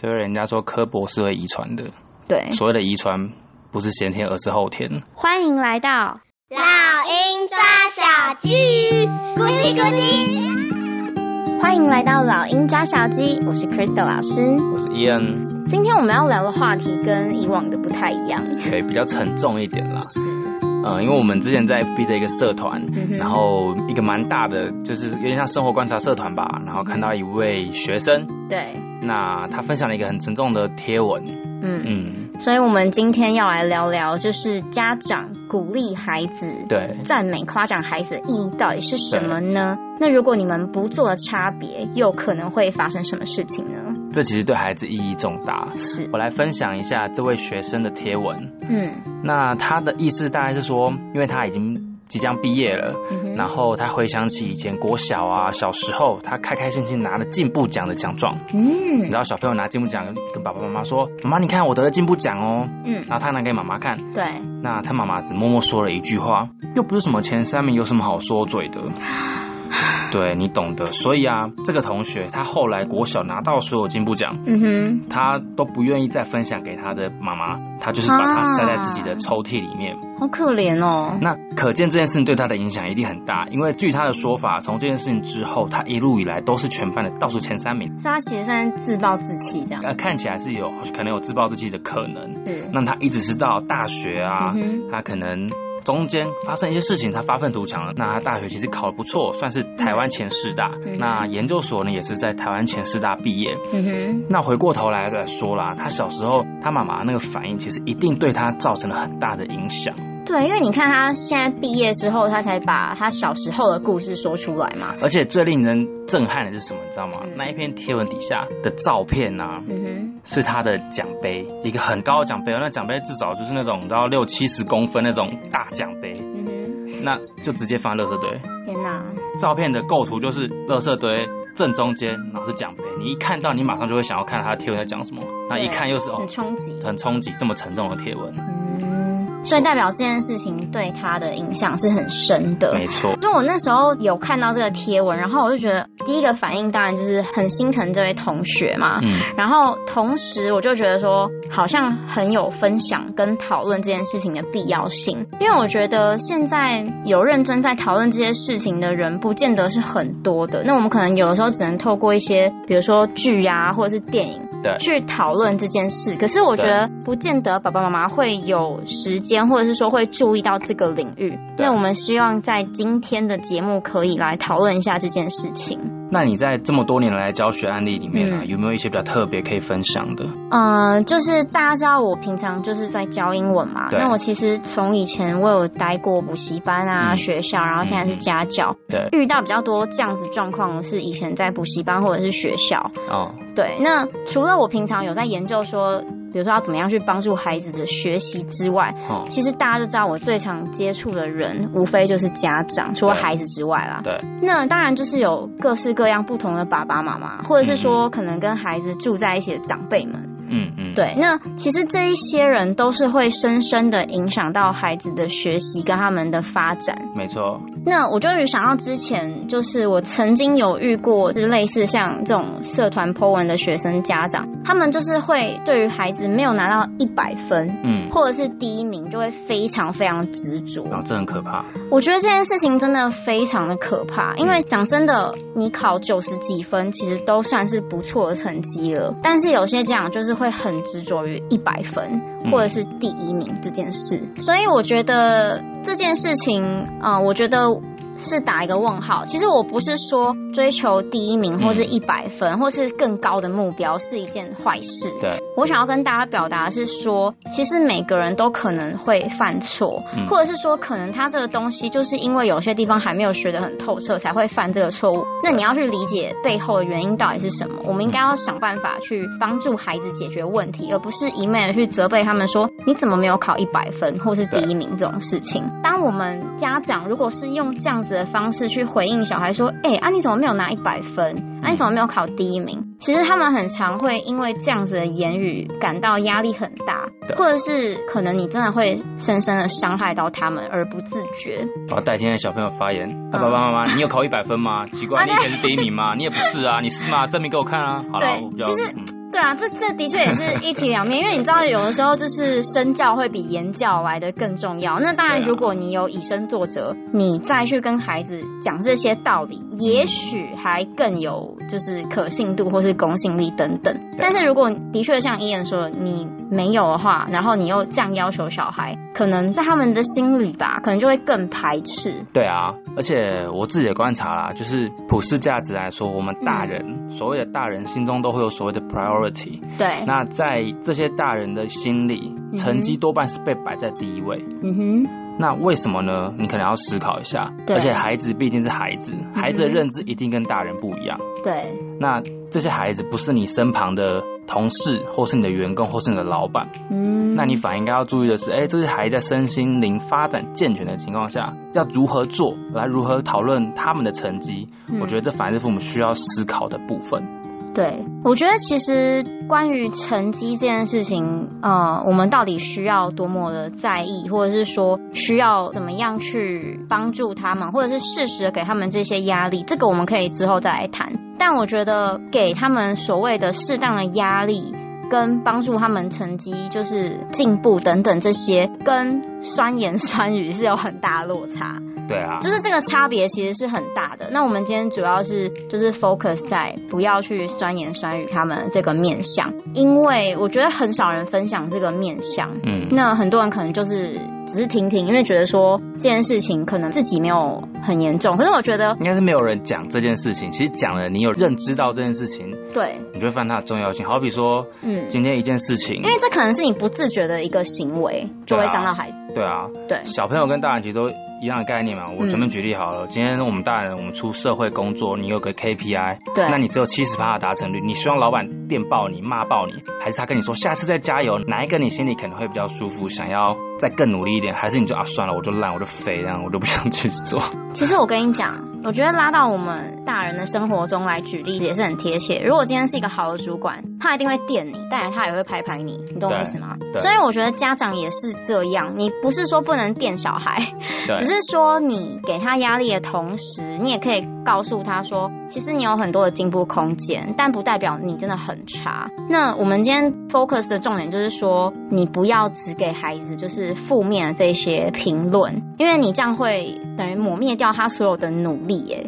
所以人家說刻薄是會遺傳的，對，所謂的遺傳不是先天，而是後天。歡迎來到老英抓小雞，咕嘰咕嘰。歡迎來到老英抓小雞，我是 Crystal 老師，我是 Ian。今天我們要聊的話題跟以往的不太一樣，可以比較沉重一點啦。是呃，因為我們之前在 FB 的一個社團，嗯，然後一個蠻大的，就是有點像生活觀察社團吧。然後看到一位學生，對，那他分享了一個很沉重的貼文，嗯嗯，所以我們今天要來聊聊，就是家長鼓勵孩子，對，讚美、誇獎孩子的意義到底是什麼呢？那如果你們不做差別，又可能會發生什麼事情呢？這其實對孩子意義重大。是我來分享一下這位學生的貼文。嗯，那他的意思大概是說，因為他已經即將畢業了，嗯，然後他回想起以前國小啊，小時候他開開心心拿了進步獎的獎狀。嗯，然後小朋友拿進步獎跟爸爸媽媽說：“媽媽，你看我得了進步獎哦。”嗯，然後他拿給媽媽看。對，那他媽媽只默默說了一句話：“又不是什麼前三名，有什麼好說嘴的。”對，你懂的，所以啊，這個同學他後來國小拿到所有進步獎，嗯哼，他都不願意再分享給他的媽媽，他就是把它塞在自己的抽屜裡面。啊，好可憐哦。那可見這件事情對他的影響一定很大，因為據他的說法，從這件事情之後，他一路以來都是全班的倒數前三名，所以他其實算自暴自棄這樣。看起來是有可能有自暴自棄的可能，是。那他一直是到大學啊，嗯、他可能。中間發生一些事情，他發奮圖強了。那他大學其實考得不錯，算是台灣前四大。那研究所呢，也是在台灣前四大畢業。嗯哼。那回過頭來再說啦，他小時候他媽媽那個反應，其實一定對他造成了很大的影響。對，因為你看他現在畢業之後，他才把他小時候的故事說出來嘛。而且最令人震撼的是什麼？你知道嗎？那一篇貼文底下的照片啊。嗯哼。是他的獎杯，一個很高的獎杯，那獎杯至少就是那種你知道六七十公分那種大獎杯，嗯，那就直接放垃圾堆。天哪、啊！照片的構圖就是垃圾堆正中間，然後是獎杯，你一看到，你馬上就會想要看他的貼文在講什麼，那一看又是很衝擊，很衝擊、哦、這麼沉重的貼文。嗯所以代表，這件事情對他的影響是很深的沒錯，沒錯。就我那時候有看到這個貼文，然後我就覺得第一個反應當然就是很心疼這位同學嘛。嗯。然後同時我就覺得說，好像很有分享跟討論這件事情的必要性，因為我覺得現在有認真在討論這些事情的人，不見得是很多的。那我們可能有的時候只能透過一些，比如說劇啊，或者是電影。去討論這件事，可是我覺得不見得爸爸媽媽會有時間，或者是說會注意到這個領域。那我們希望在今天的節目可以來討論一下這件事情。那你在這麼多年來教學案例裡面啊，有沒有一些比較特別可以分享的？嗯，就是大家知道我平常就是在教英文嘛，那我其實從以前我有待過補習班啊、嗯、學校，然後現在是家教，對、嗯，遇到比較多這樣子狀況是以前在補習班或者是學校哦。對，那除了我平常有在研究說。比如說要怎麼樣去幫助孩子的學習之外，哦，其實大家都知道我最常接觸的人，無非就是家長，除了孩子之外啦。對。對，那當然就是有各式各樣不同的爸爸媽媽，或者是說可能跟孩子住在一起的長輩們。嗯嗯嗯，對，那其實這一些人都是會深深的影響到孩子的學習跟他們的發展，沒錯。那我就想到之前，就是我曾經有遇過，就類似像這種社團 Po 文的學生家長，他們就是會對於孩子沒有拿到一百分，嗯，或者是第一名，就會非常非常執着。然後，這很可怕。我覺得這件事情真的非常的可怕，因為講真的，你考九十幾分其實都算是不錯的成績了，但是有些家長就是。會很執着於一百分或者是第一名這件事。嗯，所以我覺得這件事情，啊，呃，我覺得。是打一個問號。其實我不是說追求第一名或是一百分、嗯、或是更高的目標是一件壞事。對，我想要跟大家表達的是說，其實每個人都可能會犯錯、嗯，或者是說可能他這個東西就是因為有些地方還沒有學得很透徹才會犯這個錯誤。那你要去理解背後的原因到底是什麼。我們應該要想辦法去幫助孩子解決問題，而不是一昧的去責備他們說你怎麼沒有考一百分或是第一名這種事情。當我們家長如果是用這樣子。的方式去回應小孩說：“哎、欸，阿、啊、你怎麼沒有拿一百分？啊你怎麼沒有考第一名？”其實他們很常會因為這樣子的言語感到壓力很大，或者是可能你真的會深深的傷害到他們而不自覺。我代替小朋友發言，爸、啊、爸、嗯、媽媽，你有考一百分嗎？奇怪，你以前是第一名嗎？你也不是啊，你是嗎？證明給我看啊！好了，我比較。對啊，這這的確也是一體兩面， 因為你知道，有的時候就是身教會比言教來的更重要。那當然，如果你有以身作則，你再去跟孩子講這些道理，也許還更有就是可信度或是公信力等等。但是如果的確像 Ian 說的，你沒有的話，然後你又這樣要求小孩，可能在他們的心裡吧，可能就會更排斥。對啊，而且我自己也觀察啦，就是普世價值來說，我們大人、嗯、所謂的大人心中都會有所謂的 priority。對，那在這些大人的心裡、嗯，成績多半是被擺在第一位。嗯哼，那為什麼呢？你可能要思考一下。而且孩子畢竟是孩子、嗯，孩子的認知一定跟大人不一樣。對，那這些孩子不是你身旁的同事，或是你的員工，或是你的老板。嗯，那你反而應該要注意的是，哎、欸，這些孩子在身心靈發展健全的情況下，要如何做來如何討論他們的成績、嗯？我覺得這反而是父母需要思考的部分。對，我覺得其實關於成績這件事情，呃，我們到底需要多麼的在意，或者是說需要怎麼樣去幫助他們，或者是適時的給他們這些壓力，這個我們可以之後再來談。但我覺得給他們所謂的適當的壓力，跟幫助他們成績就是進步等等這些，跟酸言酸語是有很大的落差。對啊，就是這個差別其實是很大的。那我們今天主要是就是 focus 在不要去酸言酸語他們這個面向，因為我覺得很少人分享這個面向。嗯，那很多人可能就是只是聽聽，因為覺得說這件事情可能自己沒有很嚴重。可是我覺得應該是沒有人講這件事情，其實講了你有認知到這件事情。對，你就會發現它的重要性。好比說，嗯，今天一件事情，嗯，因為這可能是你不自覺的一個行為，就會傷到孩子，啊。對啊，對，小朋友跟大人其實都一樣的概念嘛。我隨便舉例好了，嗯，今天我們大人，我們出社會工作，你有個 KPI，對，那你只有七十趴的達成率，你希望老闆電爆你、罵爆你，還是他跟你說下次再加油？哪一個你心裡可能會比較舒服？想要再更努力一點，還是你就啊算了，我就爛，我就廢，這樣我都不想去做。其實我跟你講。 我覺得拉到我們大人的生活中來舉例子也是很貼切。如果今天是一個好的主管，他一定會電你，但是他也會拍拍你，你懂我意思嗎？所以我覺得家長也是這樣，你不是說不能電小孩，只是說你給他壓力的同時，你也可以。告訴他說，其實你有很多的進步空間，但不代表你真的很差。那我們今天 focus 的重點就是說，你不要只給孩子就是負面的這些評論，因為你這樣會等於抹滅掉他所有的努力耶。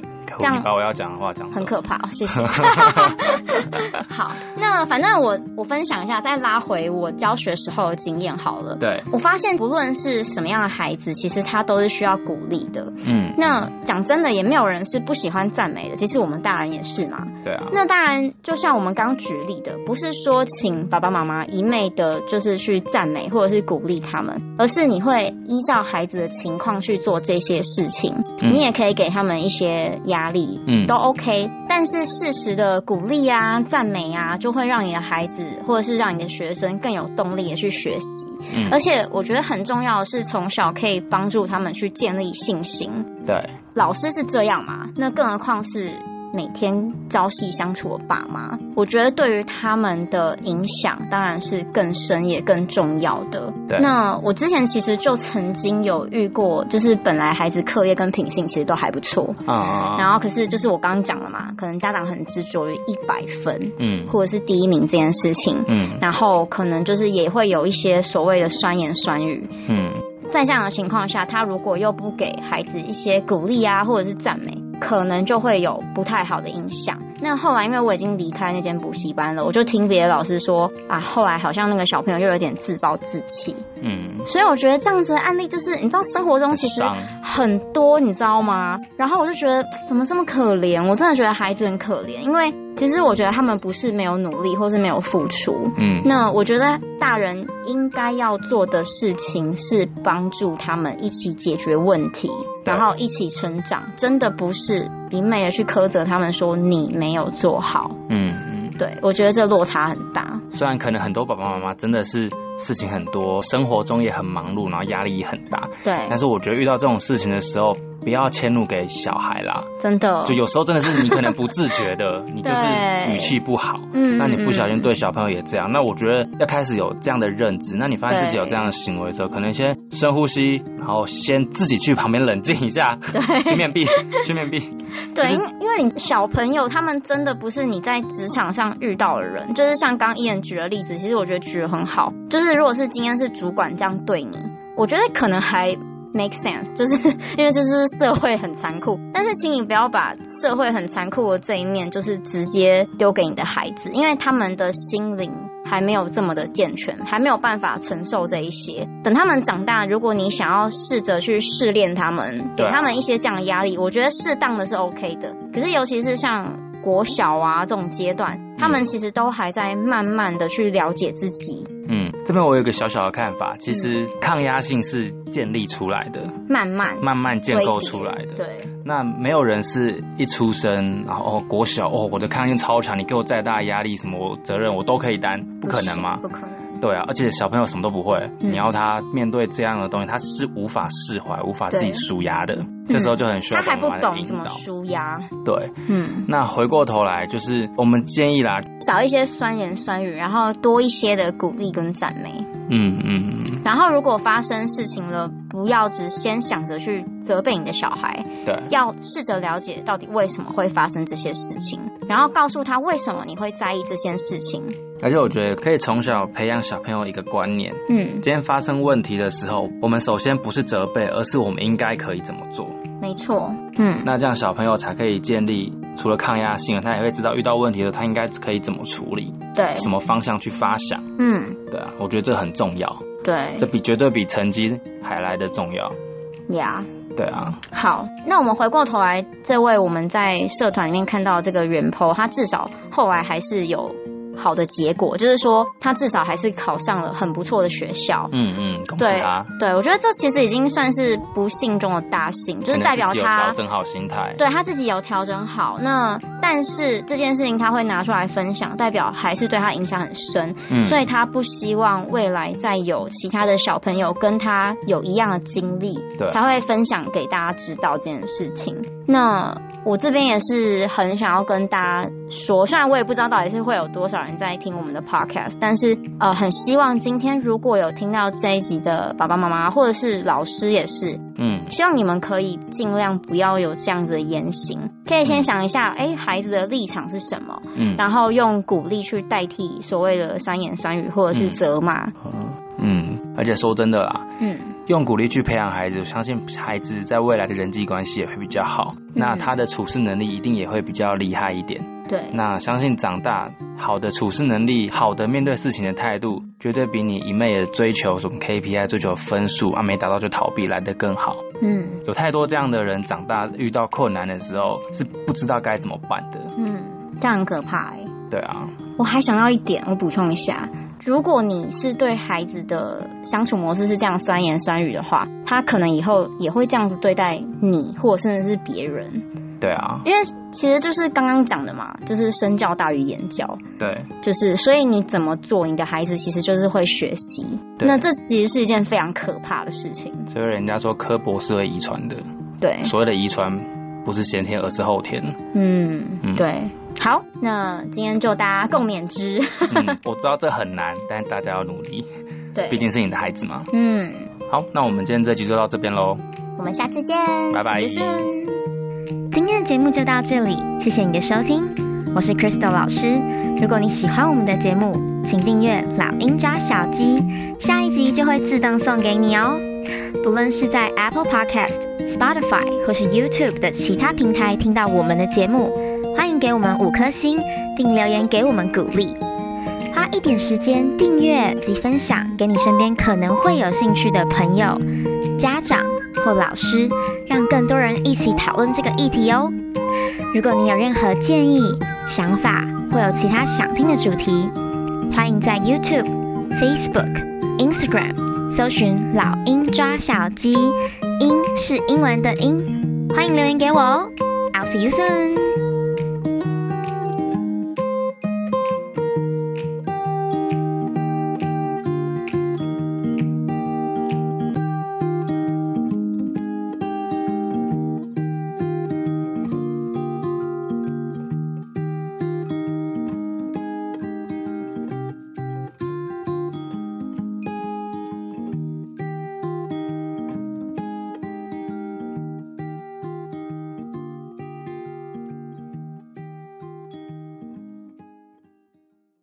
把我要講的話講很可怕，謝謝。 好，那反正我我分享一下，再拉回我教學時候的經驗好了。對，我發現不論是什麼樣的孩子，其實他都是需要鼓勵的。嗯，那講真的，也沒有人是不喜歡讚美的，其實我們大人也是嘛。對啊。那當然，就像我們剛舉例的，不是說請爸爸媽媽一昧的，就是去讚美或者是鼓勵他們，而是你會依照孩子的情況去做這些事情。嗯。你也可以給他們一些壓。嗯都 OK，但是適時的鼓勵啊、讚美啊，就會讓你的孩子或者是讓你的學生更有動力的去學習。嗯。而且我覺得很重要的是，從小可以幫助他們去建立信心。對，老師是這樣嘛？那更何況是。每天朝夕相處的爸媽，我覺得對於他們的影響當然是更深也更重要的對。那我之前其實就曾經有遇過，就是本來孩子課業跟品性其實都還不錯，oh. 然後可是就是我剛剛講了嘛，可能家長很執着於一百分，嗯，或者是第一名這件事情，嗯，然後可能就是也會有一些所謂的酸言酸語，嗯，在這樣的情況下，他如果又不給孩子一些鼓勵啊，或者是讚美。可能就會有不太好的影響。那後來，因為我已經離開那間補習班了，我就聽別的老師說啊，後來好像那個小朋友就有點自暴自棄。嗯，所以我覺得這樣子的案例就是，你知道生活中其實很多，你知道嗎？然後我就覺得怎麼這麼可憐，我真的覺得孩子很可憐，因為。其實我覺得他們不是沒有努力，或是沒有付出。嗯，那我覺得大人應該要做的事情是幫助他們一起解決問題，然後一起成長。真的不是一昧的去苛責他們，說你沒有做好。嗯嗯，對，我覺得這落差很大。雖然可能很多爸爸媽媽真的是。事情很多，生活中也很忙碌，然後壓力也很大。對，但是我覺得遇到這種事情的時候，不要遷怒給小孩啦。真的，就有時候真的是你可能不自覺的， 你就是語氣不好，嗯。那你不小心對小朋友也這樣嗯嗯。那我覺得要開始有這樣的認知，那你發現自己有這樣的行為的時候，可能先深呼吸，然後先自己去旁邊冷靜一下，對去面壁，去面壁。對，因、就是、因為你小朋友他們真的不是你在職場上遇到的人，就是像剛剛伊恩舉的例子，其實我覺得舉得很好，就是。如果是今天是主管這樣對你，我覺得可能還 make sense，就是因為這是社會很殘酷。但是，請你不要把社會很殘酷的這一面，就是直接丟給你的孩子，因為他們的心靈還沒有這麼的健全，還沒有辦法承受這一些。等他們長大，如果你想要試着去試煉他們，對啊，給他們一些這樣的壓力，我覺得適當的是 OK 的。可是，尤其是像。國小啊，這種階段，他們其實都還在慢慢的去了解自己。嗯，這邊我有一個小小的看法，其實抗壓性是建立出來的，嗯、慢慢慢慢建構出來的。對，那沒有人是一出生然後、啊哦、國小哦，我的抗壓性超強，你給我再大壓力什麼責任我都可以擔，不可能嗎？不，不可能。對啊，而且小朋友什麼都不會，嗯，你要他面對這樣的東西，他是無法釋懷、無法自己舒壓的。這時候就很需要媽媽的引導。他還不懂怎麼舒壓。對，嗯。那回過頭來，就是我們建議啦，少一些酸言酸語，然後多一些的鼓勵跟讚美。嗯嗯嗯。然後，如果發生事情了，不要只先想着去責備你的小孩。對。要試着了解到底為什麼會發生這些事情，然後告訴他為什麼你會在意這件事情。而且我覺得可以從小培養小朋友一個觀念，嗯，今天發生問題的時候，我們首先不是責備，而是我們應該可以怎麼做？沒錯，嗯，那這樣小朋友才可以建立除了抗壓性，他也會知道遇到問題的時候他應該可以怎麼處理，對，什麼方向去發想，嗯，對啊，我覺得這很重要，對，這比絕對比成績還來得重要，呀、yeah.，對啊，好，那我們回過頭來，這位我們在社團裡面看到這個原 PO，他至少後來還是有。好的結果就是說，他至少還是考上了很不錯的學校。嗯嗯，對，對，我覺得這其實已經算是不幸中的大幸，就是代表他調整好心態，對他自己有調整好。那但是這件事情他會拿出來分享，代表還是對他影響很深。嗯，所以他不希望未來再有其他的小朋友跟他有一樣的經歷，對，才會分享給大家知道這件事情。那我這邊也是很想要跟大家說，雖然我也不知道到底是會有多少。在聽我們的 Podcast，但是呃，很希望今天如果有聽到這一集的爸爸媽媽或者是老師也是，嗯，希望你們可以盡量不要有這樣子的言行，可以先想一下，哎，嗯，欸，孩子的立場是什麼，嗯，然後用鼓勵去代替所謂的酸言酸語或者是責罵，嗯，嗯，而且說真的啦，嗯，用鼓勵去培養孩子，我相信孩子在未來的人際關係也會比較好，那他的處事能力一定也會比較厲害一點。對，那相信長大，好的處事能力，好的面對事情的態度，絕對比你一昧的追求什麼 KPI、追求分數啊，沒達到就逃避，來得更好。嗯，有太多這樣的人，長大遇到困難的時候是不知道該怎麼辦的。嗯，這樣很可怕哎、欸。對啊，我還想到一點，我補充一下，如果你是對孩子的相處模式是這樣酸言酸語的話，他可能以後也會這樣子對待你，或者甚至是別人。對啊，因為其實就是剛剛講的嘛，就是身教大於言教。對，就是所以你怎麼做，你的孩子其實就是會學習。那這其實是一件非常可怕的事情。所以人家說刻薄是會遺傳的。對，所謂的遺傳不是先天，而是後天。嗯，嗯，對。好，那今天就大家共勉之。嗯、 我知道這很難，但大家要努力。對，畢竟是你的孩子嘛。嗯，好，那我們今天這集就到這邊嘍。我們下次見，拜拜。今天的節目就到這裡，謝謝你的收聽，我是 Crystal 老師。如果你喜歡我們的節目，請訂閱《老英抓小雞》，下一集就會自動送給你哦。不論是在 Apple Podcast、Spotify 或是 YouTube 的其他平台聽到我們的節目，歡迎給我們五顆星，並留言給我們鼓勵。花一點時間訂閱及分享給你身邊可能會有興趣的朋友、家長。或老師，讓更多人一起討論這個議題哦。如果你有任何建議、想法，或有其他想聽的主題，歡迎在 YouTube、Facebook、Instagram 搜尋“老英抓小雞”，“英”是英文的“英”。歡迎留言給我哦。I'll see you soon.